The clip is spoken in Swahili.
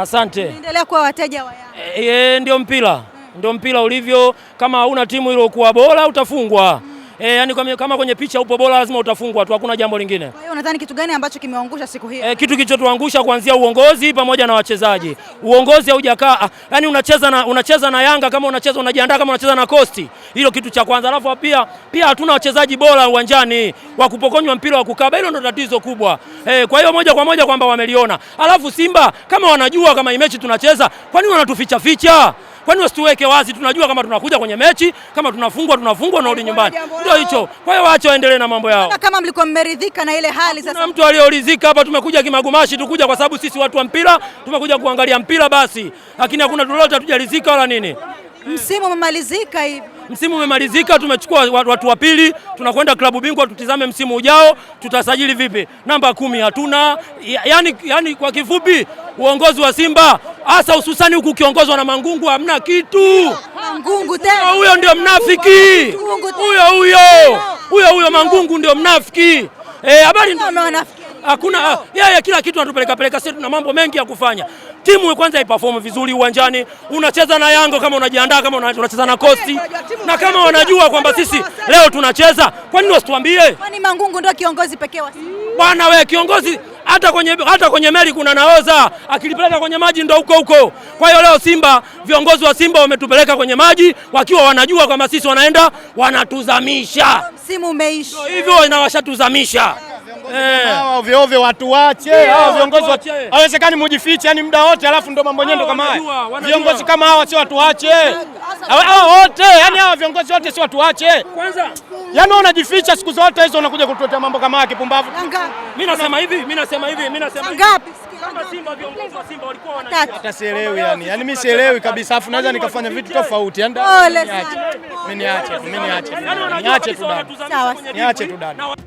Asante. Naendelea kuwa wateja wa Yanga. E, e, ndio mpira, hmm. Ndio mpira ulivyo. Kama hauna timu iliyokuwa bora utafungwa. mm. E, yani kama kwenye picha upo bora lazima utafungwa tu, hakuna jambo lingine. Kwa hiyo unadhani kitu gani ambacho kimewaangusha siku hii? E, kitu kilichotuangusha kuanzia uongozi pamoja na wachezaji. Uongozi haujakaa. Ah, yani unacheza na, unacheza na Yanga kama unacheza unajiandaa kama unacheza na kosti Hilo kitu cha kwanza, alafu pia pia hatuna wachezaji bora uwanjani wa kupokonywa mpira wa kukaba. Hilo ndo tatizo kubwa. E, kwa hiyo moja kwa moja kwamba wameliona. Alafu Simba kama wanajua kama mechi tunacheza, kwani nini wanatuficha ficha? Kwani wasituweke wazi? Tunajua kama tunakuja kwenye mechi, kama tunafungwa tunafungwa, narudi nyumbani. Ndio hicho. Kwa hiyo waache waendelee na mambo yao. Kama mlikuwa mmeridhika na ile hali sasa. mtu aliyoridhika hapa? Tumekuja kimagumashi, tukuja kwa sababu sisi watu wa mpira, tumekuja kuangalia mpira basi, lakini hakuna lolote, hatujaridhika wala nini. Msimu umemalizika hivi msimu umemalizika, tumechukua watu wa pili, tunakwenda klabu bingwa. Tutizame msimu ujao tutasajili vipi? Namba kumi hatuna. Yani, yani kwa kifupi uongozi wa Simba hasa hususani huku ukiongozwa na Mangungu, hamna kitu. Huyo ndio mnafiki huyo huyo huyo huyo, Mangungu ndio mnafiki. Eh, habari hakuna ah, yeye, kila kitu anatupeleka peleka sisi, tuna mambo mengi ya kufanya. Timu kwanza iperform vizuri uwanjani. Unacheza na yango kama unajiandaa, kama unacheza na Kosti eh, na kama wanajua kwamba sisi leo tunacheza, kwa nini wasituambie? Kwani Mangungu ndio kiongozi pekee wa bwana? Wewe kiongozi hata kwenye, hata kwenye meli kuna naoza akilipeleka kwenye maji ndo huko huko. Kwa hiyo leo Simba, viongozi wa Simba wametupeleka kwenye maji wakiwa wanajua kwamba sisi wanaenda wanatuzamisha. Msimu umeisha hivyo, inawashatuzamisha eh. ovyo ovyo, watu wache viongozi. Hawezekani mujifiche yani muda wote, alafu ndo mambo yenyewe ndo kama haya. Viongozi kama hawa sio watu wache hawa wote, yani hawa viongozi wote si watu wache kwanza. Yani unajificha siku zote hizo, unakuja kutuletea mambo kama haya kipumbavu. Mimi nasema hivi, mimi nasema hivi, mimi nasema ngapi? Hata sielewi yani, yani mimi sielewi kabisa, afu naweza nikafanya vitu tofauti. Yani yaani niache tu yaani dada.